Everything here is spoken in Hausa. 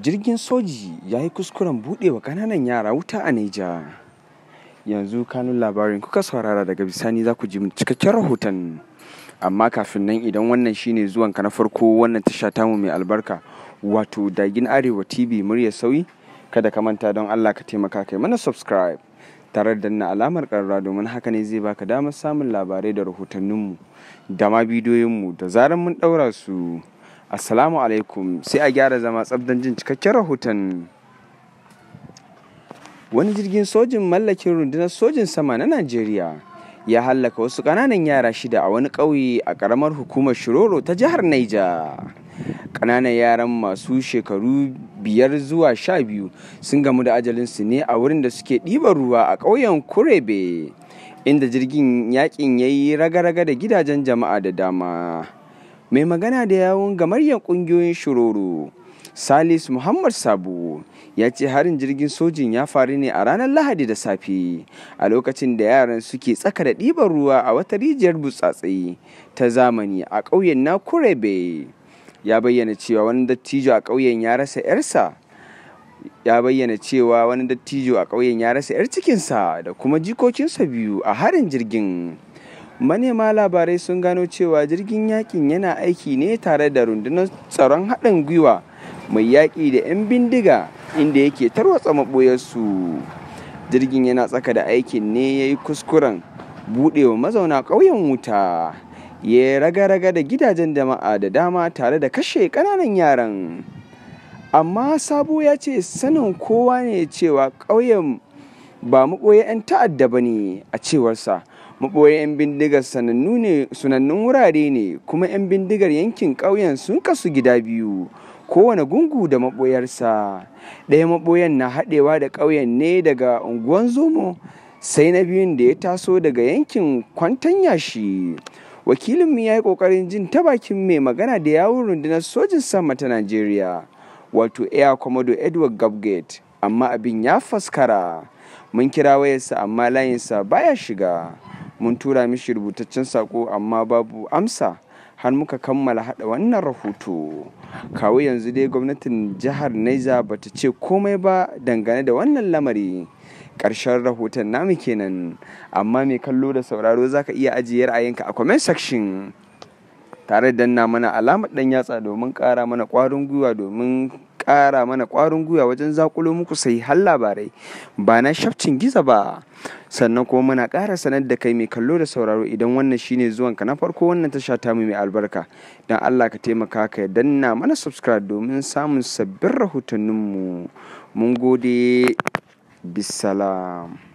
Jirgin soji ya yi kuskuren buɗewa ƙananan yara wuta a Neja. Yanzu kanun labarin kuka saurara daga bisani za ku ji cikakken rahoton. Amma kafin nan idan wannan shine ka na farko wannan tasha tamu mai albarka wato Dagin Arewa TV muryar sauyi kada ka manta don Allah ka taimaka kai mana subscribe tare da na alamar karara domin haka ne zai baka damar samun labarai da rahotanninmu da ma bidiyoyinmu da zarar mun ɗaura su. assalamu alaikum sai a gyara zama tsabdan jin cikakken rahoton wani jirgin sojin mallakin rundunar sojin sama na najeriya ya hallaka wasu ƙananan yara shida a wani ƙauye a ƙaramar hukumar shiroro ta jihar naija ƙananan yaran masu shekaru biyar zuwa sha biyu sun gamu da ajalinsu ne a wurin da suke ɗiban ruwa a ƙauyen kurebe inda jirgin yaƙin ya yi raga-raga da gidajen jama'a da dama mai magana da yawon gamaryar ƙungiyoyin shiroro salis muhammad Sabu, ya ce harin jirgin sojin ya faru ne a ranar lahadi da safe a lokacin da yaran suke tsaka da ɗiban ruwa a wata rijiyar butsatse ta zamani a ƙauyen na kurebe ya bayyana cewa wani dattijo a ƙauyen ya rasa 'yarsa ya bayyana cewa wani dattijo a ƙauyen ya rasa 'yar cikinsa da kuma jikokinsa biyu a harin jirgin manema labarai sun gano cewa jirgin yakin yana aiki ne tare da rundunar tsaron haɗin gwiwa mai yaƙi da 'yan bindiga inda yake tarwatsa maɓoyarsu jirgin yana tsaka da aikin ne ya yi kuskuren buɗewa mazauna ƙauyen wuta ya raga-raga da gidajen jama'a da dama tare da kashe ƙananan yaran amma sabo ya ce sanin kowa ne cewa ƙauyen ba maɓoye 'yan ta'adda ba ne a cewarsa maboyan 'yan bindigar sanannu ne sunannun wurare ne kuma 'yan bindigar yankin ƙauyen sun kasu gida biyu kowane gungu da maboyarsa. ɗaya maɓoyan na haɗewa da ƙauyen ne daga unguwan zomo sai na biyun da ya taso daga yankin kwantan yashi wakilinmu ya yi ƙoƙarin jin ta bakin mai magana da yawon rundunar sojin sama ta najeriya wato air commodore edward gabgate amma abin ya faskara mun kira wayarsa amma layinsa baya shiga mun tura mishi rubutaccen sako amma babu amsa har muka kammala hada wannan rahoto kawo yanzu dai gwamnatin jihar Niger ta ce komai ba dangane da wannan lamari ƙarshen rahoton namu kenan amma mai kallo da sauraro zaka iya ajiye ra'ayinka a comment section tare da na mana alamar dan yatsa domin ƙara mana ƙwarin gwiwa domin ƙara mana ƙwarin gwiwa wajen zakulo muku sai har labarai ba na shafcin giza ba sannan kuma muna ƙara sanar da kai mai kallo da sauraro idan wannan shine zuwan ka na farko wannan tasha ta mu mai albarka don Allah ka taimaka ka ya danna mana subscribe domin samun sabbin rahotanninmu mun gode bisalam